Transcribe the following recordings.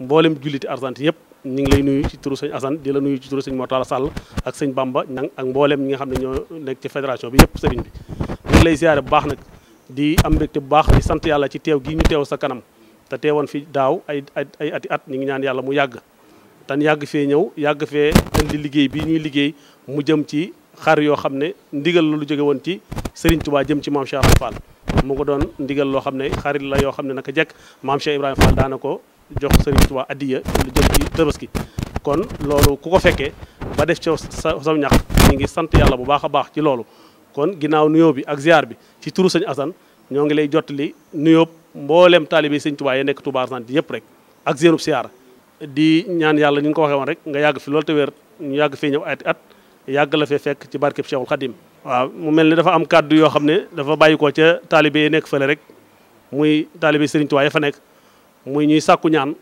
mbooleem julliti Argentine yëpp ñu ngi lay nuyu ci turu sëñ Assane di la nuyu ci turu sëñ Mortala Sall ak sëñ Bamba ñang ak mboolem ñi nga xam ne ñoo nekk ci fédération bi yëpp sëriñ bi ñu ngi lay ziare bu baax nag di am mbégte bu baax di sant yàlla ci teew gi ñu teew sa kanam te teewoon fi daaw ay ay ati at ñu ngi ñaan yàlla mu yàgg tan yàgg fee ñëw yàgg fee indi liggéey bi ñuy liggéey mu jëm ci xar yoo xam ne ndigal la lu jóge woon ci Serigne Touba jëm ci maam Cheikh Fall mu ko doon ndigal loo xam ne xarit la yoo xam ne naka jekk maam Ibrahima Fall daana ko jox Sëriñ Tuubaa addiya lu jëm ci tabaski kon loolu ku ko fekkee ba def ci sa sam ñax ñu ngi sant yàlla bu baax a baax ci loolu kon ginnaaw nuyoo bi ak ziar bi ci turu sëñ Assane ñoo ngi lay jotli nuyoo mboolem taalibe sëñ Tuubaa yi nekk Touba Argentine yëpp rek ak seenub di ñaan yàlla ni ñu ko waxee woon rek nga yàgg fi loolu te wér ñu yàgg fee ñëw at at yàgg la fee fekk ci barkeb Cheikhul Khadim waaw mu mel ni dafa am kàddu yoo xam ne dafa bàyyi ko ca taalibe yi nekk fële rek muy taalibe Sëriñ Tuubaa ya fa nekk muy ñuy sàkku ñaan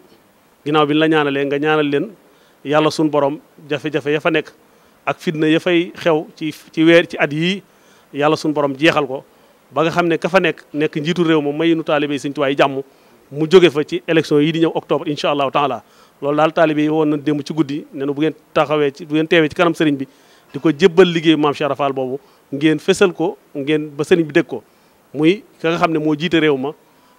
ginnaaw bi la ñaanalee nga ñaanal leen yàlla suñu borom jafe-jafe ya fa nekk ak fitna ya fay xew ci ci weer ci at yii yàlla suñu borom jeexal ko ba nga xam ne ka fa nekk nekk njiitu réew ma may nu taalibe yi Sëñ Tuubaa yi jàmm mu jóge fa ci élection yi di ñëw octobre allah allahu taala loolu daal taalibe yi woon na démb ci guddi ne nu bu ngeen taxawee ci bu ngeen teewee ci kanam sëriñ bi di ko jébbal liggéey maam Cheikh Rafal boobu ngeen fesal ko ngeen ba sëriñ bi dégg ko muy ka nga xam ne moo jiite réew ma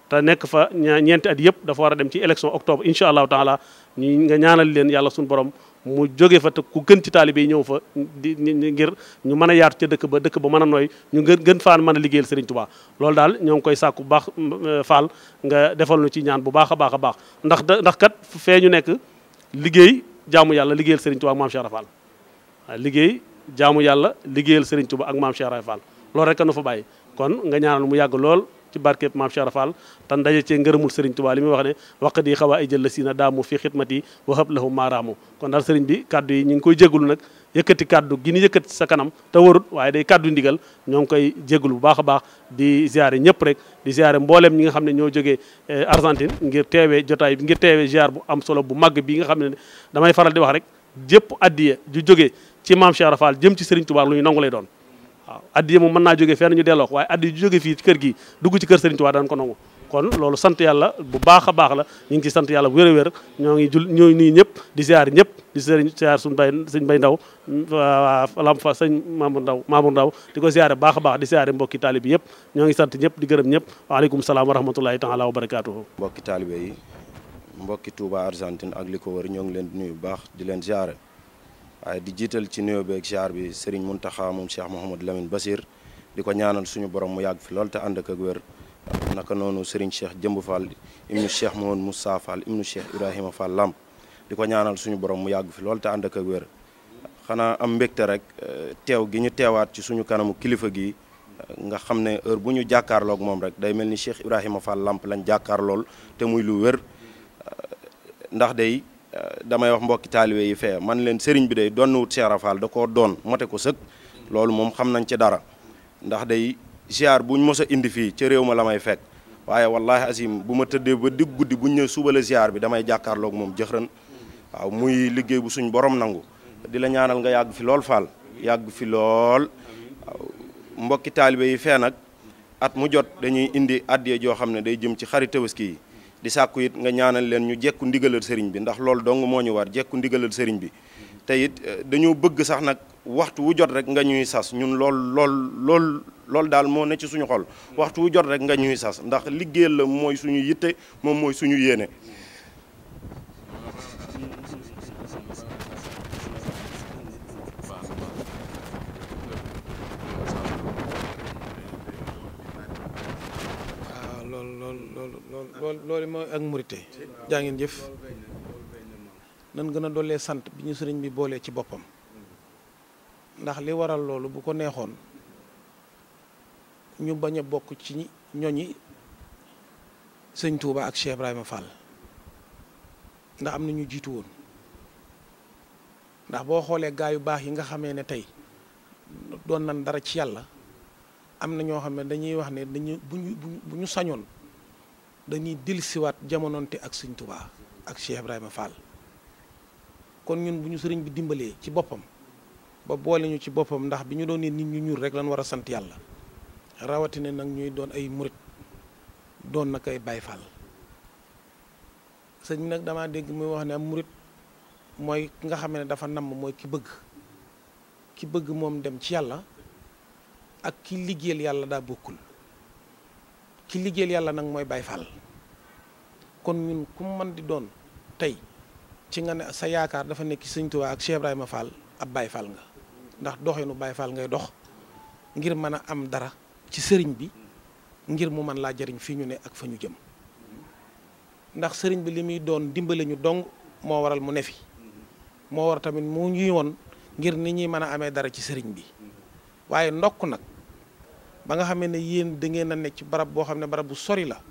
te nekk fa ñeenti at yëpp dafa war a dem ci élection octobre incha allahu taala ñu nga ñaanal leen yàlla suñu borom mu jóge fa te ku gën ci taalibe yi ñëw fa di ngir ñu mën a yaatu ca dëkk ba dëkk ba mën a nooy ñu gën gën faan mën a liggéeyal Serigne loolu daal ñoo ngi koy baax euh, faal nga defal nu ci ñaan bu baax a baax a baax ndax ndax kat fee ñu nekk liggéey jaamu yàlla liggéeyal Serigne Touba ak maam Cheikh Fall waaw liggéey jaamu yàlla liggéeyal Serigne Touba ak maam Cheikh Fall loolu rek nu fa bàyyi kon nga ñaanal mu yàgg lool ci barkeb maam Cheikh Rafal tan daje cee ngërëmul sëriñ Tuubaa li muy wax ne waqat yi xaw aa ijël la si na daamu fi xidmat yi wa hab lahum maaraamu kon daal sëriñ bi kaddu yi ñu ngi koy jégalu nag yëkkati kaddu gi ñu yëkkati sa kanam te warut waaye day kaddu ndigal ñoo ngi koy jégalu bu baax a baax di ziare ñëpp rek di ziare mbooleem ñi nga xam ne ñoo jógee eh, Argentine ngir teewee jotaay bi ngir teewee ziar bu am solo bu màgg bi nga xam ne damay faral di wax rek jëpp addiya ju jógee ci maam Rafal jëm ci sëriñ Tuubaa lu ñu nangu lay doon waaw addiya moom mën naa jóge fenn ñu delloo ko waaye addiya ju jóge fii ci kër gi dugg ci kër Serigne waa daan ko kon loolu sant yàlla bu baax a baax la ñu ngi ci sant yàlla bu wér a wér ñoo ngi jul ñoo nuyu ñëpp di ziar ñëpp di sëriñ ziar suñu bay suñ bay ndaw lam fa sëñ Mamour Ndaw Mamour Ndaw di ko ziare baax a baax di ziare mbokki taalibe yëpp ñoo ngi sant ñëpp di gërëm ñëpp waaleykum salaam wa rahmatullahi taala wa barakaatuhu mbokki taalibe mbokki Touba Argentine ak li ko wër ñoo ngi leen di nuyu baax di leen ziare waaye di jiital ci nuyoo bi ak ziar bi Serigne Mountakha moom Cheikh Mouhamadou Lamine Bassir di ko ñaanal suñu borom mu yàgg fi lool te ànd ak ak naka noonu Serigne Cheikh Jëmb Fall ibnu Cheikh Mouhamadou Moussa Fall ibnu Cheikh Ibrahima di ko ñaanal suñu borom mu yàgg fi lool te ànd ak ak xanaa am mbégte rek eh, teew gi ñu teewaat ci suñu kanamu kilifa gi eh, nga xam ne heure bu ñu jàkkaarloog moom rek day mel ni Cheikh Ibrahima Fall Lamp lañ jàkkaarlool te muy lu wér eh, ndax day. damay wax mbokki taalibe yi fee man leen sëriñ bi day doon wut Cheikh Rafal da koo doon mote ko sëg loolu moom xam nañ ci dara ndax day ziar buñ mos a indi fii ci réew ma la may fekk waaye wallahi asim bu ma tëddee ba digg guddi buñ ñëw suba la ziar bi damay jàkkaarloog moom jëxran waaw muy liggéey bu suñ boroom nangu di la ñaanal nga yàgg fi lool Fall yàgg fi lool mbokki taalibe yi fee nag at mu jot dañuy indi addiye yoo xam ne day jëm ci xari tabaski yi di sàkku it nga ñaanal leen ñu jekku ndigalal sëriñ bi ndax loolu dong moo ñu war jekku ndigalal sëriñ bi teyit it eh, dañoo bëgg sax nag waxtu wu jot rek nga ñuy sas ñun lool lool lool loolu daal moo ne ci suñu xol waxtu wu jot rek nga ñuy sas ndax liggéeyal la mooy suñu yitte moom mooy suñu yéenee loolu loolu mooy ak murite jaa ngeen jëf nan gën a dollee sant bi ñu sëriñ bi boolee ci boppam ndax li waral loolu bu ko neexoon ñu bañ a bokk ci ñoñi sëñ Touba ak Cheikh Ibrahima Fall ndax am na ñu jiitu woon ndax boo xoolee gaa yu baax yi nga xamee ne tey doon nan dara ci yàlla am na ñoo xam ne dañuy wax ne dañu bu ñu sañoon dañuy dellusiwaat jamononte ak Sëñ Tuubaa ak Cheikh Ibrahima Fall kon ñun bu ñu sëriñ bi dimbalee ci boppam ba boole ñu ci boppam ndax bi ñu doon nee nit ñu ñuul rek lan war a sant yàlla rawatine nag ñuy doon ay murit doon nag ay Baay Fall sëñ bi nag damaa dégg muy wax ne am murit mooy ki nga xam ne dafa namm mooy ki bëgg ki bëgg moom dem ci yàlla ak ki liggéeyal yàlla daa bokkul ki liggéeyal yàlla nag mooy Baay Faal kon ñun ku mën di doon tey ci nga ne sa yaakaar dafa nekk Sëñ Tuubaa ak Cheikh Ibrahima Fall ab Baay Faal nga ndax doxinu Baay Faal ngay dox ngir mën a am dara ci sëriñ bi ngir mu mën laa jariñ fii ñu ne ak fa ñu jëm ndax sëriñ bi li muy doon dimbale ñu dong moo waral mu ne fi moo war tamit mu ñuy woon ngir ni ñuy mën a amee dara ci sëriñ bi waaye ndokk nag. ba nga xamee ne yéen da ngeen a nekk ci barab boo xam ne barab bu sori la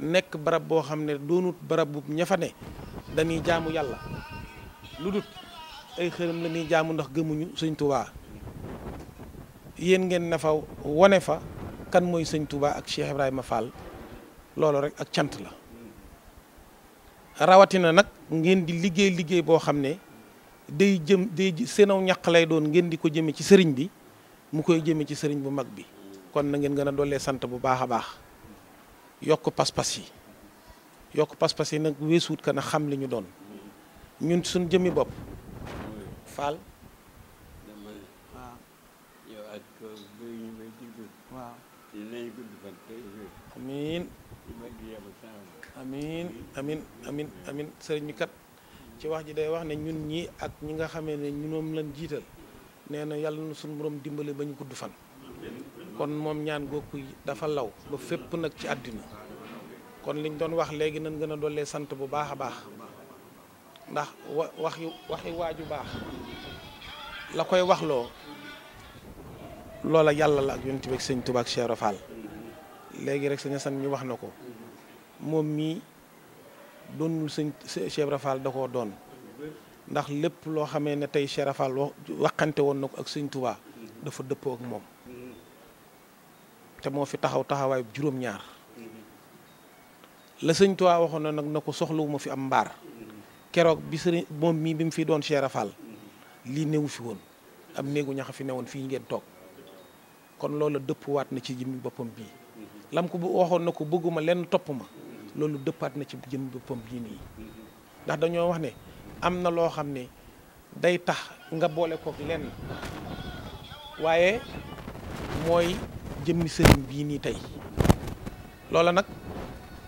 nekk barab boo xam ne doonut barab bu ña fa ne dañuy jaamu yàlla lu dut ay xërëm la ñuy jaamu ndax gëmuñu sëñ Touba yéen ngeen ne fa wone fa kan mooy sëñ Touba ak Cheikh Ibrahima Fall loolu rek ak cant la rawatina nag ngeen di liggéey liggéey boo xam ne day jëm day sënaw ñaq lay doon ngeen di ko jëme ci sëriñ bi mu koy jëme ci sëriñ bu mag bi kon na ngeen gën a dollee sant bu baax a baax yokk pas-pas yi yokk pas-pas yi nag weesuut ka na xam li ñu doon ñun suñ jëmmi bopp faal waaw amin amiin amiin amiin kat ci wax ji day wax ne ñun ñi ak ñi nga xamee ne ñoom lañ jiital nee na yàlla na suñu borom dimbali ba ñu gudd fan kon moom ñaan googu dafa law ba fépp nag ci àddina kon liñ doon wax léegi nañ gën a dollee sant bu baax a baax ndax wa waxi waxi waaju baax la koy waxloo loola yàlla la ak yonent bi ak sëñ Tuubaa ak léegi rek sëñ Asan ñu wax na ko moom mii doonul sëñ Cheikh Fall da koo doon lépp loo xamee ne tey Cheikh Fall waxante woon na ko ak sëñ dafa dëppoo ak moom te moo fi taxaw taxawaay juróom-ñaar la sëñ Tuubaa waxoon na nag na ko soxlawu ma fi am mbaar keroog bi sëriñ moom mii bi mu fi doon Cheikh lii newu fi woon am néegu ñax a fi newoon fii ngeen toog kon loolu dëppwaat na ci jëmmi boppam bii lam ko waxoon na ko bëgguma lenn topp ma loolu dëppaat na ci jëmmi boppam bii nii ndax dañoo wax ne am na loo xam ne day tax nga boole kook lenn waaye mooy jëmmi sëriñ bii nii tey loola nag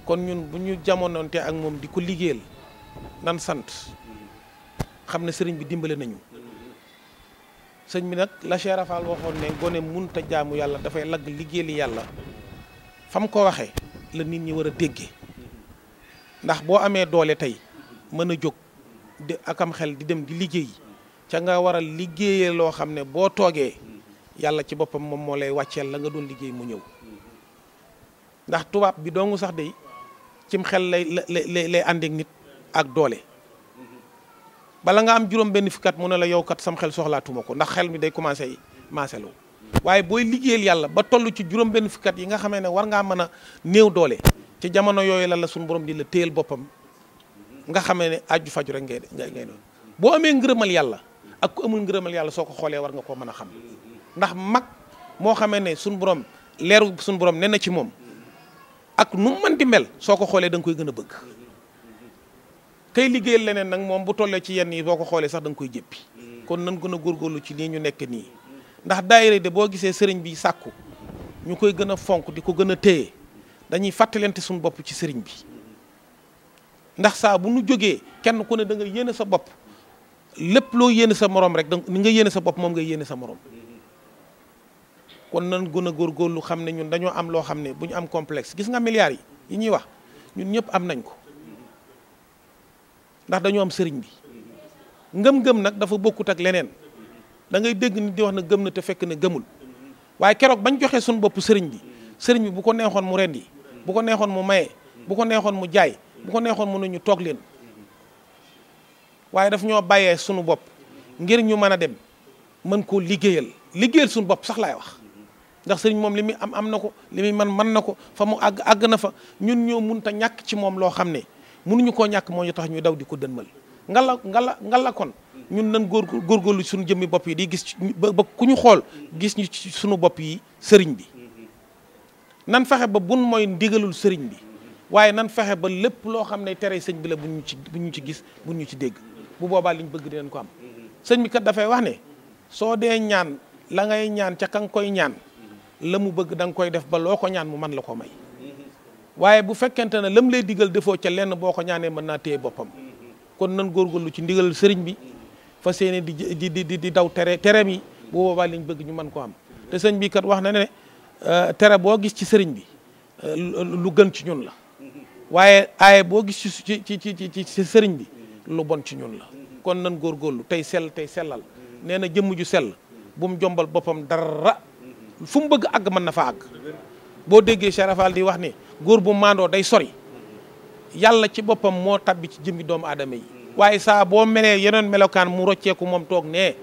kon ñun bu ñu jamonoonte ak moom di ko liggéeyal nan sant xam ne sëriñ bi dimbale nañu sëñ bi nag la Cheikh Rafal waxoon ne gone munta jaamu yàlla dafay lagg liggéeyali yàlla fam ko waxee la nit ñi war a déggee ndax boo amee doole tey mën a jóg di akam xel di dem di liggéey ca nga waral a loo xam ne boo toogee yàlla ci boppam moom moo lay wàcceel la nga doon liggéey mu ñëw ndax tubaab bi dong sax day cim xel lay lay lay àndeek nit ak doole bala nga am juróom benn fukkat mu ne la yow kat sam xel soxlaatuma ko ndax xel mi day commencé maaseloo waaye booy liggéeyal yàlla ba toll ci juróom benn fukkat yi nga xamee ne war ngaa mën a néew doole ci jamono yooyu la la sunu borom di la téyel boppam nga xamee ne aju faju rek ngay ngay doon boo amee ngërëmal yàlla ak ku amul ngërëmal yàlla soo ko xoolee war nga koo mën a xam ndax mag moo xamee ne suñu borom leeru suñu borom ne na ci moom ak nu mu di mel soo ko xoolee danga koy gën a bëgg kay liggéeyal leneen nag moom bu tollee ci yenn yi boo ko xoolee sax da koy jëppi kon nan gën a góorgóorlu ci nii ñu nekk nii ndax daayira de boo gisee sëriñ bi sàkku ñu koy gën a fonk di ko gën a téye dañuy fàttalante suñu bopp ci sëriñ bi ndax saa bu nu jógee kenn ku ne da nga yéene sa bopp lépp loo yéene sa morom rek da nga yéene sa bopp moom ngay yéene sa moroom kon nan gën góor góorgóorlu xam ne ñun dañoo am loo xam ne bu ñu am complexe gis nga milliards yi yi ñuy wax ñun ñëpp am nañ ko ndax dañoo am sëriñ bi ngëm-ngëm nag dafa bokkut ak leneen dangay dégg nit di wax na gëm na te fekk ne gëmul waaye keroog bañ joxee suñu bopp sëriñ bi sëriñ bi bu ko neexoon mu rendi bu ko neexoon mu maye bu ko neexoon mu jaay bu ko neexoon mu ne ñu toog leen waaye daf ñoo bàyyee suñu bopp ngir ñu mën a dem mën koo liggéeyal liggéeyal suñu bopp sax laay wax ndax sëriñ moom li muy am am na ko li muy man man na ko fa mu àgg àgg na fa ñun ñoo munta ñàkk ci moom loo xam ne mënuñu koo ñàkk moo ñu tax ñu daw di ko dënmal ngala ngala ngala kon ñun nan góor góorgóorlu suñu jëmmi bopp yi di gis ba ku ñu xool gis ñu ci suñu bopp yi sëriñ bi nan fexe ba bun mooy ndigalul sëriñ bi waaye nan fexe ba lépp loo xam ne tere sëñ bi la buñ ñu ci buñ ñu ci gis bu ñu ci dégg bu boobaa liñ bëgg dinañ ko am sëñ bi kat dafay wax ne soo dee ñaan la ngay ñaan ca nga koy ñaan la mu bëgg danga koy def ba loo ko ñaan mu man la ko may waaye bu fekkente ne lam lay digal defoo ca lenn boo ko ñaanee mën naa téye boppam kon nan góorgóorlu ci ndigal sëriñ bi fa seeni di di di daw tere tereem yi bu boobaa liñ bëgg ñu mën ko am sëñ bi kat wax na ne euh, tere boo gis ci sëriñ bi euh, lu gën ci ñun la waaye aaye boo gis ci ci ci ci ci sëriñ bi lu bon ci ñun la kon nan góorgóorlu tey sell tey sellal nee na jëmm ju sel bu mu jombal boppam dara fu mu bëgg àgg mën na fa ag boo déggee Cherafal di wax ne góor bu maandoo day sori yàlla ci boppam moo tabbi ci jëmmi doomu aadama yi waaye saa boo melee yeneen melokaan mu rocceeku moom toog nee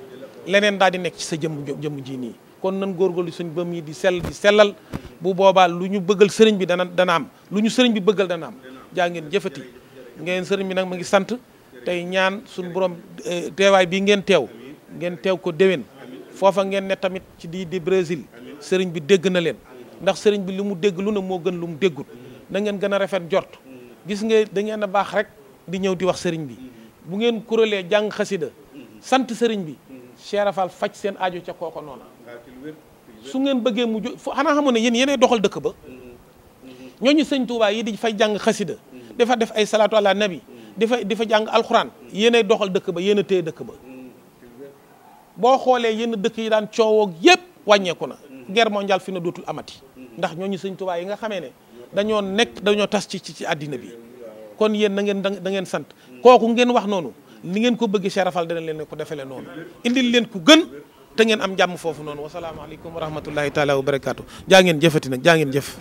leneen daal di nekk ci sa jëmm jëmm ji nii kon nan góorgóorlu suñ bëm yi di sell di sellal bu boobaal lu ñu bëggal sëriñ bi dana dana am lu ñu sëriñ bi bëggal dana am jaa ngeen jëfati ngeen sëriñ bi nag ma ngi sant tey ñaan suñu borom eh, teewaay bii ngeen teew ngeen teew ko déwén foofa ngeen ne tamit ci di di sëriñ bi dégg na leen ndax sëriñ bi li mu dégg lu ne moo gën lu mu déggul na ngeen gën a rafet jort gis nga da ngeen baax rek di ñëw di wax sëriñ bi bu ngeen kurélee jàng xasida sant sëriñ bi seerafal faj seen ajo ca kooko noona su ngeen bëggee mu jo xanaa xamoon ne yéen doxal dëkk ba ñooñu sëñ Touba yi di fay jàng xasida dafa def ay salaatu ala nabi di fa di fa jàng alxuraan yéenay doxal dëkk ba yéen a dëkk ba boo xoolee yenn dëkk yi daan coowoog guerre mondiale fi na dootul amati ndax ñooñu sëñ Tuubaa yi nga xamee ne dañoo nekk dañoo tas ci ci àddina bi kon yéen na ngeen da ngeen sant kooku ngeen wax noonu ni ngeen ko bëgg serafal dana leen ko defele noonu indi leen ku gën te ngeen am jàmm foofu noonu wasalaamaaleykum wa rahmatullahi taala wa barakaatu jaa ngeen jëfati nag jàngeen ngeen jëf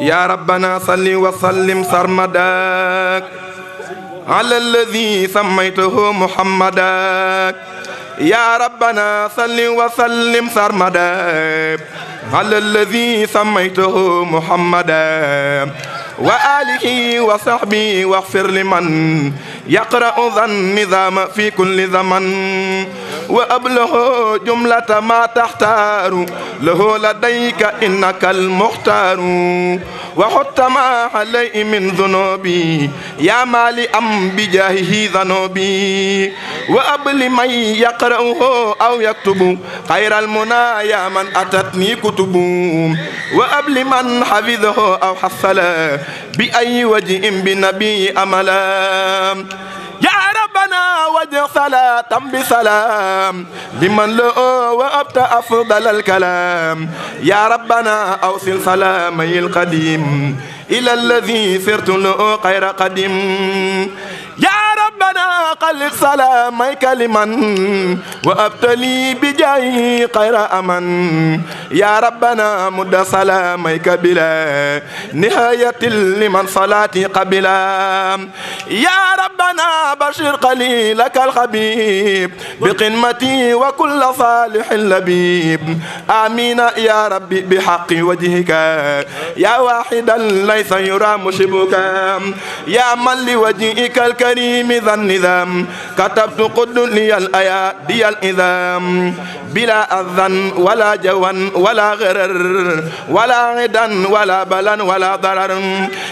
ya rabbana salli wa sallim sarmadak ala alladi sammaytahu muhammadak يا ربنا صل وسلم سرمدا على الذي سميته محمدا وآله وصحبه واغفر لمن يقرأ ذا النظام في كل زمن وأبله جملة ما تختار له لديك إنك المختار وحط ما عليه من ذنوبي يا مالي أم بجاهه ذنوبي وأبل من يقرأه أو يكتب خير المنى يا من أتتني كتب وأبل من حفظه أو حصل بأي وجه بنبي أملا ربنا واجعل صلاة بسلام لمن لؤوا وأبت أفضل الكلام يا ربنا أوصل سلامي القديم إلى الذي صرت له خير قديم يا ربنا قلق سلامك لمن وابتلي بجاي خير امن يا ربنا مد سلامك بلا نهاية لمن صلاتي قبلا يا ربنا بشر قليلك الخبيب بقمتي وكل صالح لبيب امين يا ربي بحق وجهك يا واحدا ليس يرى مشبك يا من لوجهك الكريم ذا النظام كتبت قد لي الأيادي الإذام بلا أذن ولا جوان ولا غرر ولا غدا ولا بلا ولا ضرر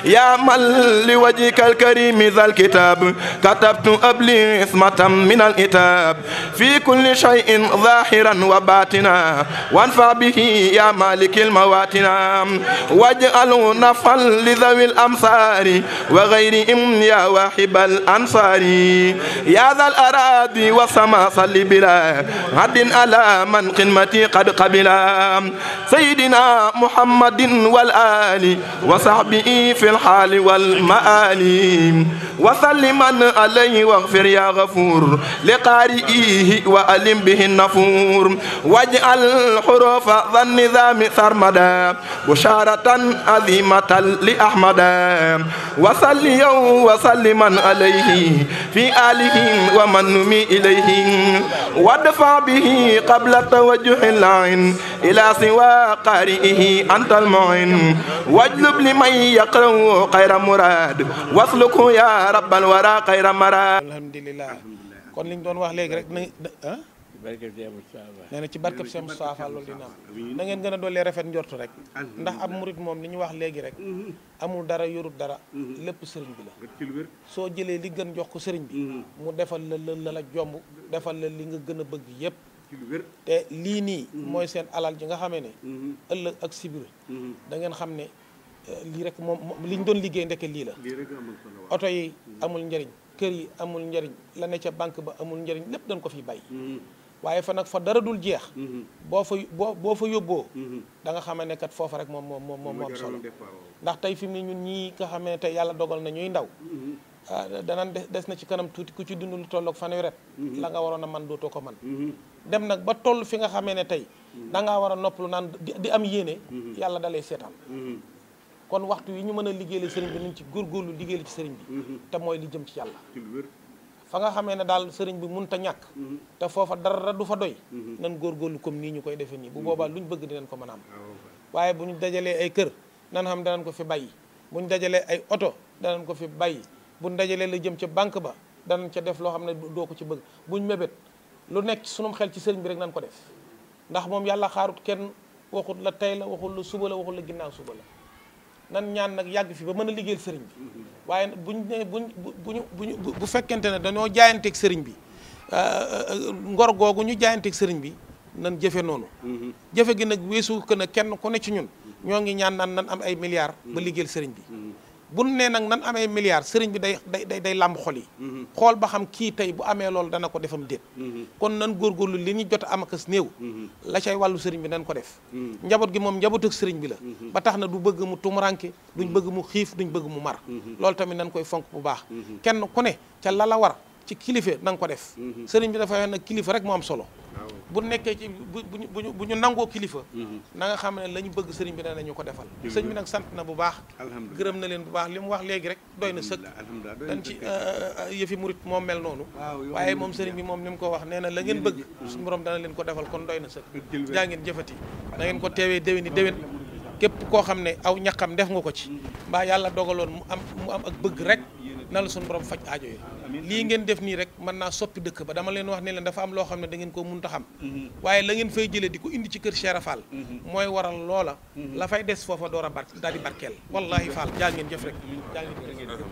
يا من لوجهك الكريم ذا الكتاب كتبت أبلي عصمة من الإتاب في كل شيء ظاهرا وباطنا وانفع به يا مالك المواتنا واجعل نفعا لذوي الأمصار وغيرهم يا واحب الأنصار الباري يا ذا الأراضي والسماء صل بلا عد على من خدمتي قد قبلا سيدنا محمد والآل وصحبه في الحال والمآل وسلم عليه واغفر يا غفور لقارئه وألم به النفور واجعل حروف ذا النظام سرمدا بشارة عظيمة لأحمد وصل يوم وسلما عليه في آلهم ومن نمي إليهم وادفع به قبل توجه العين إلى سوى قارئه أنت المعين واجلب لمن يقرأ خير مراد واسلكه يا رب الورى خير مراد الحمد لله kon liñ doon wax léegi rek nee na ci barkeb Cheikh Moustapha Fall loolu dina am na gën a doolee rafet njortu rek ndax ab murit moom li ñu wax léegi rek amul dara yorut dara lépp sëriñ bi la soo jëlee li gën jox ko sëriñ bi mu defal la la la jomb defal la li nga gën a bëgg yépp te lii nii mooy seen alal ji nga xamee ne ëllëg ak sibir da ngeen xam ne eh, lii rek moom li ñu doon liggéey ndeke lii la oto yi amul njëriñ kër yi amul njëriñ la ne ca banque ba amul njëriñ lépp dañ ko fi bàyyi waaye fa nag fa dara dul jeex. Mhm. boo fa boo boo fa yóbboo. Mhm. danga nga xam ne kat foofa rek moom moom moom moom solo. ndax tey fi mu ne ñun ñii nga xam ne tey yàlla dogal na ñuy ndaw. Mhm. Ah, danaan des na ci kanam tuuti ku ci dund lu tolloog fanweeri at. la nga waroon a man dootoo ko man dem nag ba toll fi nga xamee ne tey. na ngaa war a nopp lu naan di am yéene. yàlla dalay seetaan. kon waxtu yi ñu mën a liggéeyal sëriñ bi nañ ci góorgóorlu liggéeyal ci sëriñ bi. te mooy li jëm ci yàlla. fa nga xamee ne daal sëriñ bi mënut a ñàkk te foofa dara du fa doy nan góorgóorlu comme nii ñu koy defee nii bu boobaa luñ bëgg dinañ ko mën a waaye bu ñu dajalee ay kër nan xam danañ ko fi bàyyi bu ñu dajalee ay oto danañ ko fi bàyyi bu dajalee la jëm ca banque ba danañ ca def loo xam ne doo ko ci bëgg bu buñ mébét lu nekk sunum xel ci sëriñ bi rek nan ko def ndax moom yàlla xaarut kenn waxul la tey la waxul la suba la waxul la ginnaaw suba la nan ñaan nag yàgg fi ba mën a liggéeyal sëriñ bi waaye buñ ne buñ buñu buñu bu ñu bu fekkente ne dañoo jaayanteeg sëriñ bi euh, euh, ngor googu ñu jaayanteeg sëriñ bi nan jëfe noonu mm-hmm. jëfe gi nag weesu que ne kenn ku ne ci ñun ñoo ngi ñaan naan nan am ay milliards ba liggéeyal sëriñ bi mm-hmm. bu nee nag nan amee milliard sëriñ bi day day day day làmb xol yi mm-hmm. xool ba xam kii tey bu amee loolu dana ko defam déet mm-hmm. kon nan góorgóorlu li ñu jot am néew mm-hmm. la cay wàllu sëriñ bi nan ko def njaboot gi moom njaboot ak sëriñ bi la ba tax na du bëgg mu tumuranke duñ bëgg mu xiif duñ bëgg mu mar loolu tamit nan koy fonk bu baax kenn ku ne ca la la war ci kilife na ko def sëriñ bi dafa wax nag kilifa rek mu am solo bu nekkee ci bu bu bu ñu nangoo kilifa. Mhm. nanga xam ne la ñu bëgg sëriñ bi danañu ko defal. sëñ bi nag sant na bu baax. gërëm na leen bu baax li mu wax léegi rek doy na sëkk. dañ ci euh, euh, yëfi murit moom mel noonu. waaye moom sëriñ bi moom ni mu ko wax nee na la ngeen bëgg. suñu borom dana leen ko defal kon doy na sëkk. jaa ngeen jëfati na ngeen ko teewee déwéni déwén. képp koo xam ne aw ñaqam def nga ko ci. Mhm. mbaa yàlla dogaloon mu am mu am ak bëgg rek na la suñu borom faj aajo yi lii ngeen def nii rek mën naa soppi dëkk ba dama leen wax ne leen dafa am loo xam ne da ngeen koo mënut a xam mm-hmm. waaye la ngeen fay jëlee di ko indi ci kër Cheikh Fall mm-hmm. mooy waral loola mm-hmm. la fay des foofa door a bar daal di barkeel wallahi Fall jaa ngeen jëf rek jaa ngeen jëf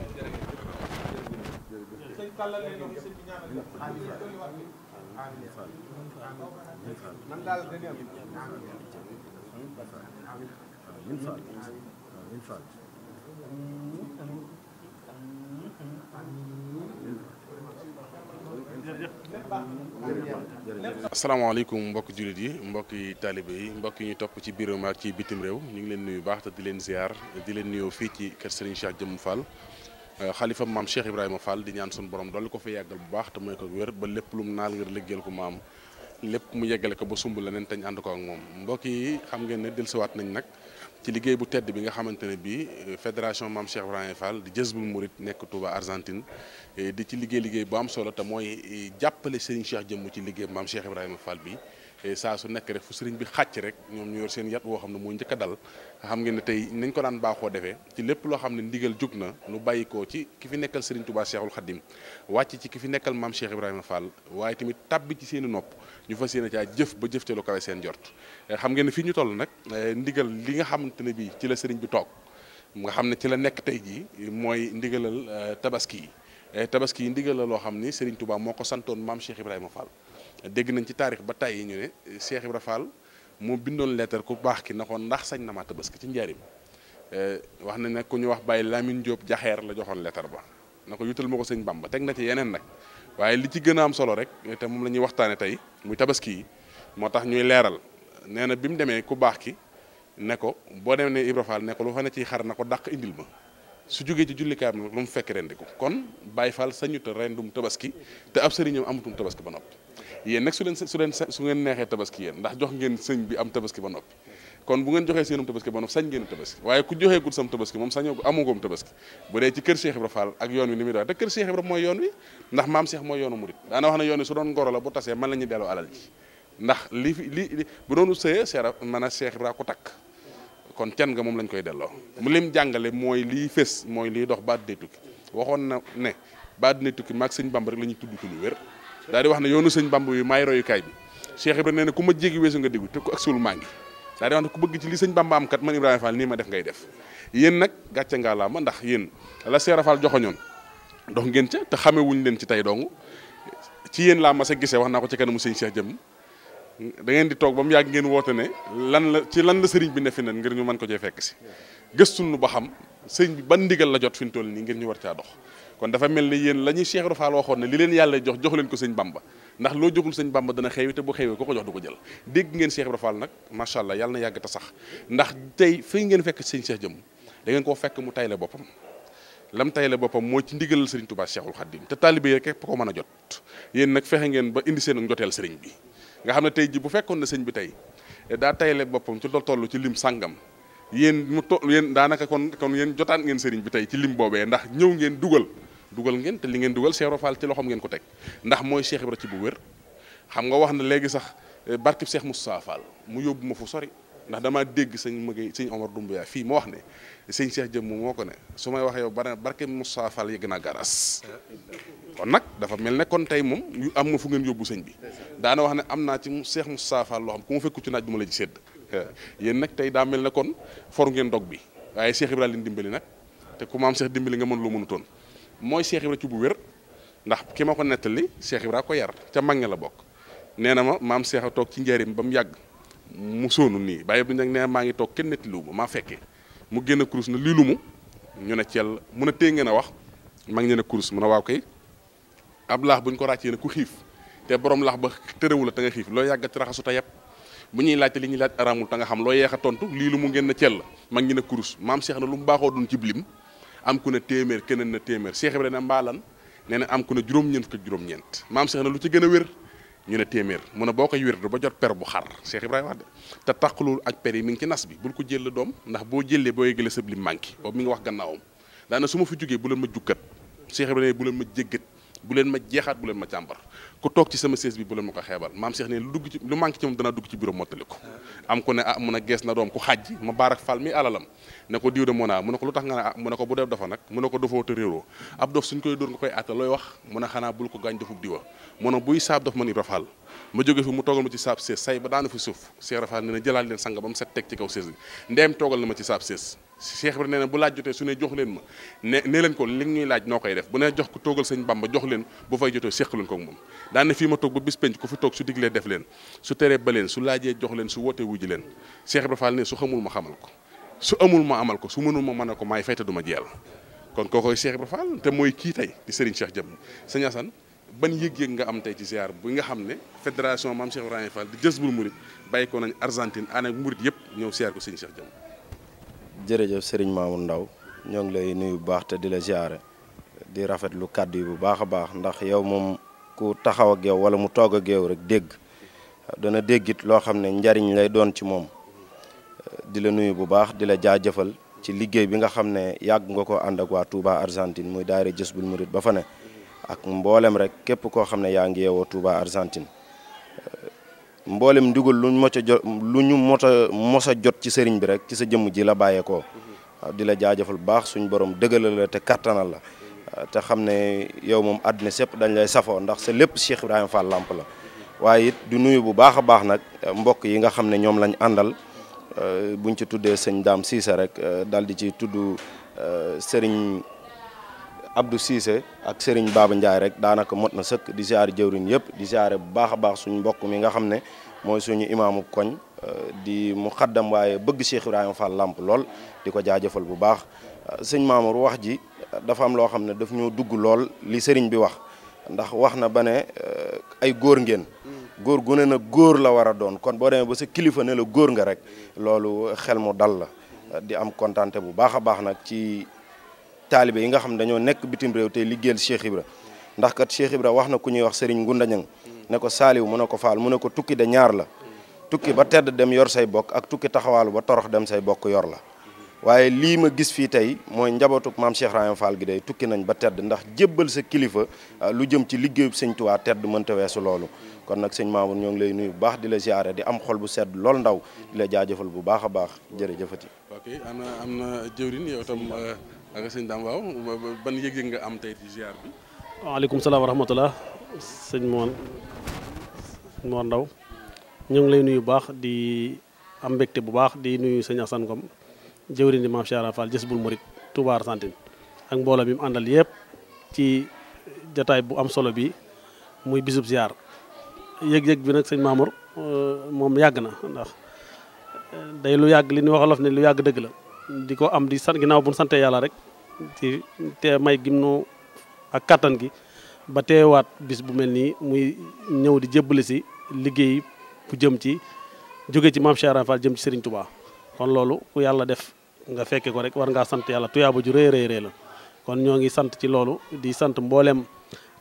man daal dañuy am amiin Fall asalaamaaleykum mbokk jullit yi mbokki taalibe yi mbokk ñu topp ci biiram ak ci bitim réew ñu ngi leen nuyu baax te di leen ziar di leen nuyoo fii ci kër Serigne Cheikh Jëmm Fall euh, xalifa maam Cheikh Ibrahima Fall di ñaan sun borom dolli ko fi yàggal bu baax te mooy ko wér ba lépp lu mu naal ngir liggéeyal ko maam lépp mu yeggale ko ba sumb leneen te ñu ànd ko ak moom mbokk yi xam ngeen ne dellusiwaat nañ nag ci liggéey bu tedd bi nga xamante ne bii euh, fédération Mame Cheikh Ibrahima Fall di Jazbul Mouride nekk Touba Argentine euh, di ci liggéey liggéey bu am solo te mooy euh, jàppale Serigne Cheikh jëmm ci liggéey Mame Cheikh Ibrahima Fall bi saa su nekk rek fu sëriñ bi xàcc rek ñoom ñu yor seen yat woo xam ne moo njëkk a dal xam ngeen ne tey nañ ko daan baaxoo defee ci lépp loo xam ne ndigal jug na nu bàyyi ko ci ki fi nekkal Serigne Touba Cheikhul Khadim wàcc ci ki fi nekkal Mame Cheikh Ibrahima Fall tamit tabbi ci seeni nopp ñu fas yéene caa jëf ba jëf ca lu kawe seen jort eh, xam nga ne fii ñu toll nag eh, ndigal li nga xamante ne bii ci la sëriñ bi toog nga xam ne ci la nekk tey jii mooy ndigalal eh, tabaski yi tabaski yi ndigal loo xam ni Serigne Touba moo ko santoon maam Cheikh Ibrahima faal dégg nañ ci taarix ba tey ñu ne Cheikh Ibrahima Fall moo bindoon lettre ku baax ki na ko ndax sañ na ma tabaski ci njaarim wax na nag ku ñu wax bàyyi Lamine Diop jaxeer la joxoon lettre ba na ko yutal ma ko sëñ Bamba teg na ci yeneen nag waaye li ci gën a am solo rek te moom la ñuy waxtaane tey muy tabaski yi moo tax ñuy leeral nee na bi mu demee ku baax ki ne ko boo demee ne Ibra Fall ne ko lu fa ne ciy xar na ko dàq indil ma su jógee ci jullikaay bi nag lu mu fekk rendi ko kon Baye Fall sañuta rendum tabaski te ab sëriñam amatum tabaski ba noppi yéen nag su leen su leen su ngeen neexee tabaski yéen ndax jox ngeen sëñ bi am tabaski ba noppi kon bu ngeen joxee seenum tabaski ba nopp sañ ngeen tabaski waaye ku joxee gud sam tabaski moom sañoo amugoom tabaski bu dee ci kër Cheikh Ibra Fall ak yoon wi ni muy doxee te kër Cheikh Ibra mooy yoon wi ndax maam Cheikh ndax li fi li bu doonu sëyee seera man a Cheikh Ibra ko takk kon can nga moom lañ koy delloo mu lim jàngale mooy liy fés mooy liy dox baat dee tukki waxoon na ne baat dina tukki maag sëñ bamb rek la ñuy tudd ci lu wér daal di wax ne yoonu sëñ bamb bi maay royukaay bi Cheikh Ibra nee na ku ma jéggi weesu nga déggu te ku ak suul maa ngi daa di wax ne ku bëgg ci lii sëñ Bamba am kat man Ibrahima Fall nii ma def ngay def yéen nag gàcce ngaa laa ma ndax yéen la Seera Fall joxoñoon dox ngeen ca te xamewuñ leen ci tey dong ci yéen laa ma a gisee wax naa ko ci kanamu sëñ Cheikh jëm da ngeen di toog ba mu yàgg ngeen woote ne lan la ci lan la sëriñ bi ne fi nan ngir ñu man ko cee fekk si gëstu nu ba xam sëriñ bi ban ndigal la jot fi mu toll nii ngir ñu war caa dox kon dafa mel ni yéen la ñuy Cheikh Rufaal waxoon ne li leen yàlla jox jox leen ko sëñ Bamba ndax loo joxul sëñ Bamba dana xewi te bu xewee ko ko jox du ko jël dégg ngeen Cheikh Rufaal nag macha allah yàlla na yàgg te sax ndax tey fii ngeen fekk sëñ Cheikh jëm da ngeen koo fekk mu tayle boppam lam tayle boppam mooy ci ndigalal sëriñ Touba Cheikhul Khadim te taalibe yi képp ko mën a jot yéen nag fexe ngeen ba indi seen njoteel sëriñ bi nga xam ne tey ji bu fekkoon na sëñ bi tey daa tayle boppam ci toll ci lim sàngam yéen mu to yéen daanaka kon kon yéen jotaan ngeen sëriñ bi tey ci lim boobee ndax ñëw ngeen dugal dugal ngeen te li ngeen dugal Cheikh Ibra ci loxoom ngeen ko teg ndax mooy Cheikh Ibra ci bu wér xam nga wax na léegi sax eh, barkib seex Moustapha Fall mu yóbbu ma fu sori ndax dama dégg sëñ mëgey sëñ Omar Doumbouya fii mu wax ne sëñ Cheikh jëm moo ko ne su may wax yow bare barkib Moustapha Fall yegg naa garas kon nag dafa mel ne kon tey moom am nga fu ngeen yóbbu sëñ bi daane wax ne am naa ci seex Moustapha Fall loo xam ku ma fekku ci naaj du ma la ci sédd eh, yéen nag tey daa mel ne kon for ngeen dog bi waaye Cheikh Ibrahima dimbali nag te ku ma am Cheikh dimbali nga mën loo mënutoon mooy Cheikh Ibra ci bu wér ndax ki ma ko nettali Cheikh Ibra ko yar ca mag ña la bokk nee na ma maam Cheikh a toog ci njëriñ ba mu yàgg mu sóonu nii bàyyi bi nag nee maa ngi toog kenn nettaliwu ma maa fekkee mu génn kurus na lii lu mu ñu ne ceel mun a téye ngeen a wax mag ñu ne kurus mun a waaw kay ab laax bu ko ràccee ne ku xiif te borom laax ba tërewu la te nga xiif loo yàggati raxasu ta yëpp bu ñuy laajte li ñuy laaj araamul ta nga xam loo yeex a tontu lii lu mu ngeen na cell mag ñu ne kurus maam Cheikh na lu mu baaxoo doon ci blim am ku ne téeméer keneen na téeméer Cheikh Ibrahima mbaalan nee na am ku ne juróom-ñeent fukk juróom-ñeent maam Cheikh na lu ci gën a wér ñu ne téeméer mu ne boo koy wér du ba jot per bu xar Cheikh a wax de te taqalul ak per yi mi ngi ci nas bi bul ko jël doom ndax boo jëlee boo yëgalee sëb li manqué boobu mi ngi wax gannaawam daana su ma fi jógee bu leen ma jukkat Cheikh Ibrahima bu leen ma jéggat bu leen ma jeexaat bu leen ma càmbar ku toog ci sama sées bi bu la ma ko xeebal maam Cheikh ne lu dugg ci lu manqué ci moom danaa dugg ci bureau mottali ko am ku ne ah mun a gees na doom ku xaaj ma baarak fal mi alalam ne ko diw a mu ne ko lu tax nga ne ah mu ne ko bu def dafa nag mu ne ko dofoo te réeroo ab dof suñ koy dóor nga koy àtta looy wax mu ne xanaa bul ko gaañ dofub diwa mu ne buy saab daf man Ibra Fall ma jóge fi mu toogal ma ci saab sées say ba daana fi suuf Cheikh Rafal ne na jëlaat leen sanga ba mu set teg ci kaw sées bi ndeem toogal na ma ci saab Cheikh Ibrahima nee na bu laaj jotee su ne jox leen ma ne ne leen ko li ñuy laaj noo koy def bu ne jox ko toogal sañ sëñ ba jox leen bu fay jotee séq leen ko moom daan fii ma toog ba bis penc toog su def leen su teree ba leen su laajee jox leen su wootee wujji leen Cheikh Ibrahima Fall ne su xamul ma xamal ko su amul ma amal ko su mënul ma mën a ko maay fayta du ma jeel kon kookoy Cheikh Ibrahima Fall te mooy kii tey di Serigne Cheikh Jëm sëñ Assane ban yëg-yëg nga am tey ci ziar bi nga xam ne fédération Mame Cheikh Ibrahima Fall di Jazboul Mouride bàyyi ko nañ Argentine ànd ak yëpp ñëw ziar ko sëñ Cheikh Jëm jërëjëf Serigne Mamour ndaw ñoo ngi lay nuyu bu baax te di la ziare di rafet lu kàddu yu bu baax a baax ndax yow moom ku taxaw ak yow wala mu toog a yow rek dégg dana déggit loo xam ne njariñ lay doon ci moom di la nuyu bu baax di la jaajëfal ci liggéey bi nga xam ne yàgg nga ko ànd ak waa Touba Argentine muy daayira Jazboul Mouride ba fa ne ak mboolem rek képp koo xam ne yaa ngi yeewoo Touba Argentine mboolem ndigal luñ mos a jot lu ñu mot a mos a jot ci sëriñ bi rek ci sa jëmm ji la bàyyeekoo di la jaajëfal baax suñ borom dëggalal la te kattanal la te xam ne yow moom àddina sépp dañ lay safoo ndax sa lépp Cheikh Ibrahima Fall làmp la waaye it du nuyu bu baax a baax nag euh, mbokk yi nga xam ne ñoom lañ àndal euh, buñ ci tuddee sëñ Daam Siise rek euh, dal di ci tudd sëriñ abdu Cissé ak Serigne Baba Ndiaye rek daanaka mot na sëkk di siyaare jëwriñ yëpp di jaare bu baax a baax mbokk mi nga xam ne mooy suñu imaamu koñ euh, di mu xaddam waaye bëgg Cheikh Ibrahima làmp lool di ko jaajëfal bu baax euh, sëñ Mamour wax ji euh, dafa am loo xam ne daf ñoo dugg lool li sëriñ bi wax ndax wax na ba ne ay góor ngeen góor gu ne na góor la war a doon kon boo demee ba sa kilifa ne la góor nga rek loolu xel mu dal la di am kontaante bu baax a baax nag ci taalibe yi nga xam dañoo nekk bitim réew tey liggéeyal Cheikh Ibra ndax kat Cheikh Ibra wax na ku ñuy wax Serigne Ngunda Ñang ne ko saaliw mu ne ko faal mu ne ko tukki de ñaar la tukki ba tedd dem yor say bokk ak tukki taxawaalu ba torox dem say bokk yor la waaye lii ma gis fii tey mooy njabootuk maam Cheikh Rahim Fall gi day tukki nañ ba tedd ndax jébbal sa kilifa ah, lu jëm ci liggéeyub sëñ Tuubaa tedd mënta weesu loolu kon nag sëñ Mamour ñoo ngi lay nuyu bu baax di la ziare di am xol bu sedd lool ndaw di jaajëfal bu baax a baax jërëjëfati ok ak sëñ Dame waaw ban yëg nga am tey ci ziar bi. waaleykum salaam wa rahmatulah sëñ ngi lay nuyu bu baax di am mbégte bu baax di nuyu sëñ Assane Ngom jëwriñ di maam Cheikh Ibra Fall Jazboul bi mu àndal yëpp ci jataay bu am solo bi muy bisub ziar yëg-yëg bi nag sëñ Mamour euh, moom yàgg na ndax euh, day lu yàgg li ñu wax Wolof ne lu yàgg dëgg la. di ko am di sant ginnaaw bu ñu santee yàlla rek te may gim ak kàttan gi ba teewaat bis bu mel nii muy ñëw di jébbali si liggéey bu jëm ci jóge ci maam Cheikh Ibra jëm ci Serigne tubaa kon loolu ku yàlla def nga fekke ko rek war ngaa sant yàlla tuyaaba ju rëy rëy rëy la kon ñoo ngi sant ci loolu di sant mboolem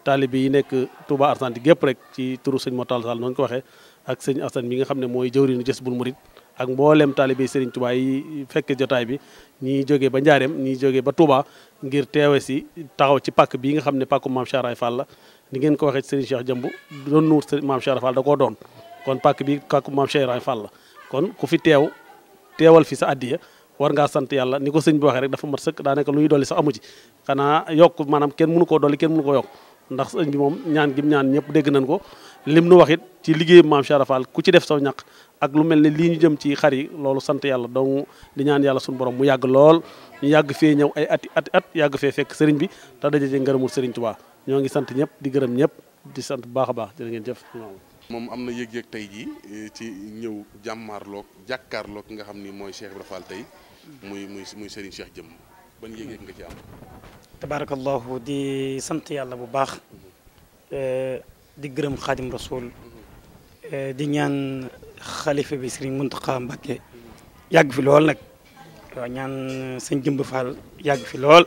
taalibe yi nekk Touba Argentine gépp rek ci turu sëñ Motal Sall noonu ko waxee ak sëñ Assane mi nga xam ne mooy jëwriñu jës bul murit ak mboolem taalibe Serigne Touba yi fekk jotaay bi ñi jógee ba Njaareem ñi jógee ba Touba ngir teewe si taxaw ci pàkk bii nga xam ne pàkku maam Charaay Fall la ni ngeen ko waxee ci Serigne Cheikh Jëmb doon nuur maam Charaay Fall doon kon pàkk bi pàkku maam Charaay Fall la kon ku fi teew teewal fi sa addiya war ngaa sant yàlla ni ko sëñ bi waxee rek dafa mat sëkk daanaka luy dolli sax amu ci xanaa yokk maanaam kenn mënu koo dolli kenn mënu koo yokk ndax sëñ bi moom ñaan gi ñaan ñëpp dégg nañ ko lim nu wax it ci liggéey maam Cheikh Ibra ku ci def saw ñaq ak lu mel ni lii ñu jëm ci xar yi loolu sant yàlla donc di ñaan yàlla suñu borom mu yàgg lool ñu yàgg fee ñëw ay ati ati at yàgg fee fekk sëriñ bi te daje ci ngërëmul sëriñ tubaa ñoo ngi sant ñëpp di gërëm ñëpp di sant bu baax a baax jërë ngeen jëf moom am na yëg-yëg tey jii eh, ci ñëw jàmmaarloog jàkkaarloog nga xam ni mooy Cheikh Ibra tey muy muy muy Serigne Cheikh jëm ban yëg-yëg nga ci tabarakallahu di sant yàlla bu baax eh, di gërëm xaadim rasul eh, di ñaan xalifa bi sëriñ Muntaxa Mbàkke yàgg fi lool nag ñaan sëñ jëmb Fall yàgg fi lool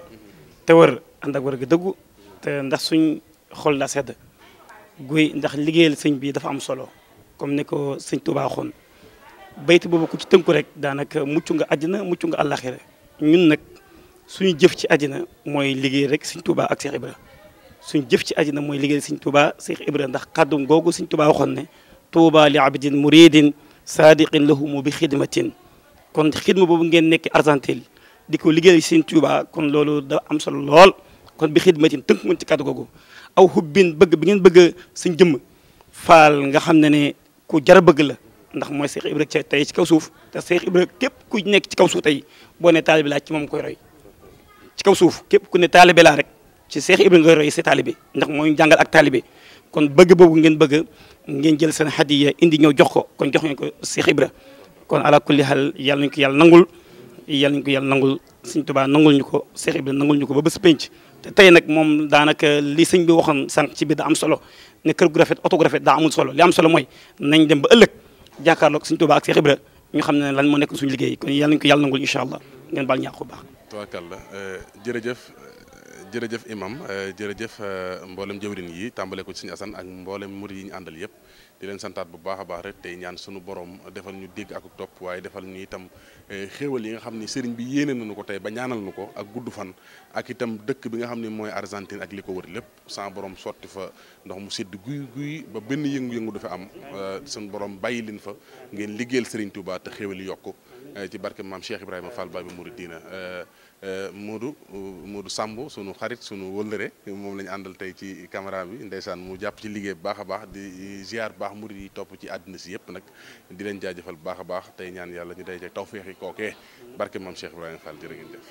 te wër ànd ak wër ga dëggu te ndax suñ xol daa sedd guy ndax liggéeyal sëñ bi dafa am solo comme ni ko sëñ Tuubaa waxoon bayt boobu ku ci tënku rek daanaka mucc nga àddina mucc nga àllaaxira ñun nag suñu jëf ci àddina mooy liggéey rek Sëñ Tuubaa ak Seex Ibra suñu jëf ci àddina mooy liggéey Sëñ Tuubaa Seex Ibra ndax kàddum googu Sëñ Tuubaa waxoon ne tuuba li abdin muridin saadiqin lahumu bi xidmatin kon xidma boobu ngeen nekk Argentine di ko liggéey Sëñ Tuubaa kon loolu da am solo lool kon bi xidmatin tënk mën ci kàddu googu aw xubbin bëgg bi ngeen bëgg suñ jëmm faal nga xam ne ne ku jar bëgg la ndax mooy Seex Ibra tey ci kaw suuf te Seex Ibra képp ku nekk ci kaw suuf tey boo ne taalibi laaj ci moom koy roy ci kaw suuf képp ku ne taalibe laa rek ci Seex Ibra nga roy si taalibe ndax mooy jàngal ak taalibe kon bëgg boobu ngeen bëgg ngeen jël seen hadiya indi ñëw jox ko kon jox ngeen ko Seex Ibra kon ala kulli xaal yàlla nañu yàlla nangul yàlla nañu nangul Sëñ Tuubaa nangul ko Seex Ibra nangul ko ba bés penc te tey nag moom daanaka li sëñ bi waxoon sànq ci biir da am solo ne kër gu rafet oto gu rafet amul solo li am solo mooy nañ dem ba ëllëg jàkkaarloog Sëñ Tuubaa ak Seex Ibra ñu xam ne lan moo nekk suñu liggéey kon yàlla nañu ko yàlla nangul incha allah ngeen baal ñaax ko baax tuwaakalla euh, jërëjëf euh, jërëjëf imam euh, jërëjëf mboolem jëwrin yi tàmbale ko ci suñu asan ak mboolem murid yi ñu àndal yëpp di leen santaat bu baax a baax rek tey ñaan suñu borom defal ñu dégg ak topp waaye defal ñu itam xéewal yi nga xam ni sëriñ bi yéene nañu ko tey ba ñaanal nu ko ak gudd fan ak itam dëkk bi nga xam ne mooy Argentine ak li ko wër lépp sans borom sotti fa ndox mu sedd guy guy ba benn yëngu-yëngu du fa am sunu borom bàyyi leen fa ngeen liggéeyal sëriñ Touba te xéewal yi yokku ci barke maam Cheikh Ibrahima Fall Baay bi Mouridina Moodu euh, Moodu euh, Samb sunu xarit sunu wëllëre moom la àndal tey ci caméra bi ndeysaan mu jàpp ci liggéey bu baax a baax di ziar baax murid yi topp ci àddina si yëpp nag di leen jaajëfal bu baax a baax tey ñaan yàlla ñu day teg taw yi kookee barke maam Cheikh Ibrahima Fall jërë ngeen jëf